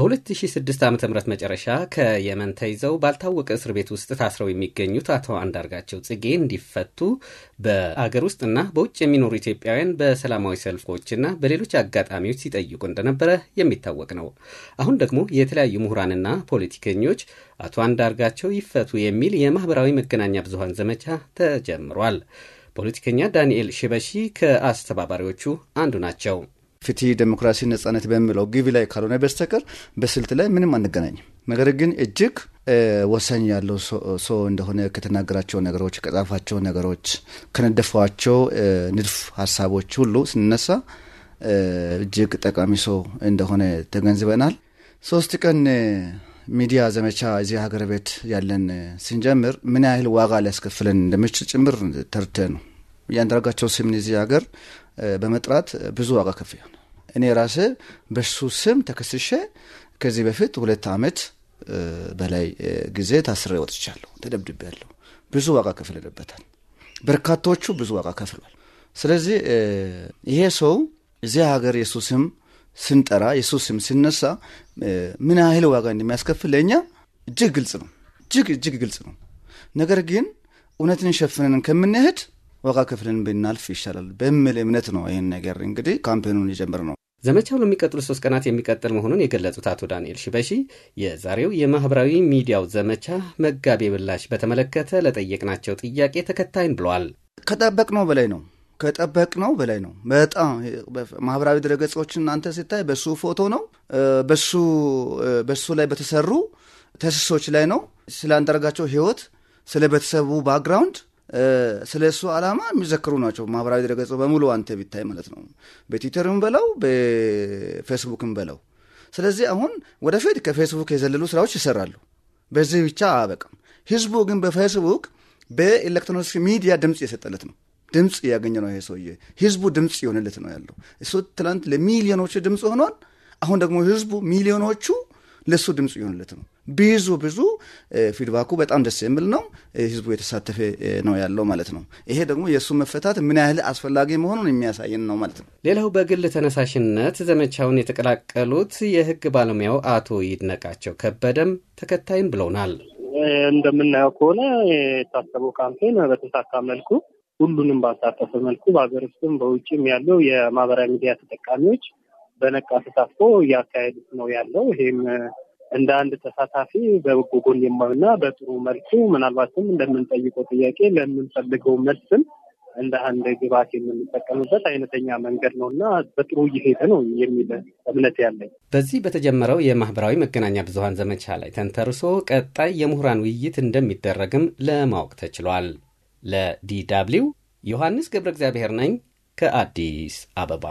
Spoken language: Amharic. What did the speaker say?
በ2006 ዓ ም መጨረሻ ከየመን ተይዘው ባልታወቀ እስር ቤት ውስጥ ታስረው የሚገኙት አቶ አንዳርጋቸው ጽጌ እንዲፈቱ በአገር ውስጥና በውጭ የሚኖሩ ኢትዮጵያውያን በሰላማዊ ሰልፎችና በሌሎች አጋጣሚዎች ሲጠይቁ እንደነበረ የሚታወቅ ነው። አሁን ደግሞ የተለያዩ ምሁራንና ፖለቲከኞች አቶ አንዳርጋቸው ይፈቱ የሚል የማህበራዊ መገናኛ ብዙሃን ዘመቻ ተጀምሯል። ፖለቲከኛ ዳንኤል ሽበሺ ከአስተባባሪዎቹ አንዱ ናቸው። ፍትህ፣ ዴሞክራሲ፣ ነጻነት በሚለው ግቢ ላይ ካልሆነ በስተቀር በስልት ላይ ምንም አንገናኝም። ነገር ግን እጅግ ወሳኝ ያለው ሰው እንደሆነ ከተናገራቸው ነገሮች፣ ከጻፋቸው ነገሮች፣ ከነደፏቸው ንድፍ ሀሳቦች ሁሉ ስንነሳ እጅግ ጠቃሚ ሰው እንደሆነ ተገንዝበናል። ሶስት ቀን ሚዲያ ዘመቻ እዚህ ሀገር ቤት ያለን ስንጀምር ምን ያህል ዋጋ ሊያስከፍለን እንደምችል ጭምር ተርተ ነው የአንዳርጋቸው ስምን እዚህ ሀገር በመጥራት ብዙ ዋጋ ከፍያል። እኔ ራሴ በሱ ስም ተከስሸ ከዚህ በፊት ሁለት ዓመት በላይ ጊዜ ታስሬ ወጥቻለሁ። ያለሁ ብዙ ዋጋ ከፍለበታል። በርካታዎቹ ብዙ ዋጋ ከፍሏል። ስለዚህ ይሄ ሰው እዚህ ሀገር የሱ ስም ስንጠራ የሱ ስም ሲነሳ ምን ያህል ዋጋ እንደሚያስከፍል ለእኛ እጅግ ግልጽ ነው። እጅግ እጅግ ግልጽ ነው። ነገር ግን እውነትን ሸፍነን ከምንሄድ ዋጋ ክፍልን ብናልፍ ይሻላል በሚል እምነት ነው ይህን ነገር እንግዲህ ካምፔኑን የጀምር ነው። ዘመቻው ለሚቀጥሉ ሶስት ቀናት የሚቀጥል መሆኑን የገለጹት አቶ ዳንኤል ሽበሺ የዛሬው የማህበራዊ ሚዲያው ዘመቻ መጋቢ ብላሽ በተመለከተ ለጠየቅናቸው ጥያቄ ተከታይን ብለዋል። ከጠበቅነው በላይ ነው ነው በላይ ነው። በጣም ማህበራዊ ድረገጾች እናንተ ሲታይ በሱ ፎቶ ነው በሱ ላይ በተሰሩ ተስሶች ላይ ነው ስለ አንዳርጋቸው ህይወት፣ ስለ ቤተሰቡ ባክግራውንድ ስለ እሱ ዓላማ የሚዘክሩ ናቸው። ማህበራዊ ድረገጽ በሙሉ አንተ ቢታይ ማለት ነው፣ በትዊተርም በለው በፌስቡክም በለው። ስለዚህ አሁን ወደፊት ከፌስቡክ የዘለሉ ስራዎች ይሰራሉ። በዚህ ብቻ አበቅም። ህዝቡ ግን በፌስቡክ በኤሌክትሮኒክስ ሚዲያ ድምፅ የሰጠለት ነው። ድምፅ እያገኘ ነው። ይሄ ሰውዬ ህዝቡ ድምፅ የሆነለት ነው ያለው። እሱ ትናንት ለሚሊዮኖቹ ድምፅ ሆኗል። አሁን ደግሞ ህዝቡ ሚሊዮኖቹ ለእሱ ድምፅ የሆነለት ነው። ብዙ ብዙ ፊድባኩ በጣም ደስ የሚል ነው። ህዝቡ የተሳተፈ ነው ያለው ማለት ነው። ይሄ ደግሞ የእሱ መፈታት ምን ያህል አስፈላጊ መሆኑን የሚያሳይን ነው ማለት ነው። ሌላው በግል ተነሳሽነት ዘመቻውን የተቀላቀሉት የህግ ባለሙያው አቶ ይድነቃቸው ከበደም ተከታይም ብለውናል። እንደምናየው ከሆነ የታሰበው ካምፔን በተሳካ መልኩ ሁሉንም ባሳተፈ መልኩ በሀገር ውስጥም በውጭም ያለው የማህበራዊ ሚዲያ ተጠቃሚዎች በነቃ ተሳትፎ እያካሄዱት ነው ያለው ይህም እንደ አንድ ተሳታፊ በበጎ ጎን የማና በጥሩ መልኩ ምናልባትም እንደምንጠይቀው ጥያቄ ለምንፈልገው መልስም እንደ አንድ ግብዓት የምንጠቀምበት አይነተኛ መንገድ ነው እና በጥሩ እየሄደ ነው የሚል እምነት ያለኝ። በዚህ በተጀመረው የማህበራዊ መገናኛ ብዙሀን ዘመቻ ላይ ተንተርሶ ቀጣይ የምሁራን ውይይት እንደሚደረግም ለማወቅ ተችሏል። ለዲ ዮሐንስ ገብረ እግዚአብሔር ነኝ ከአዲስ አበባ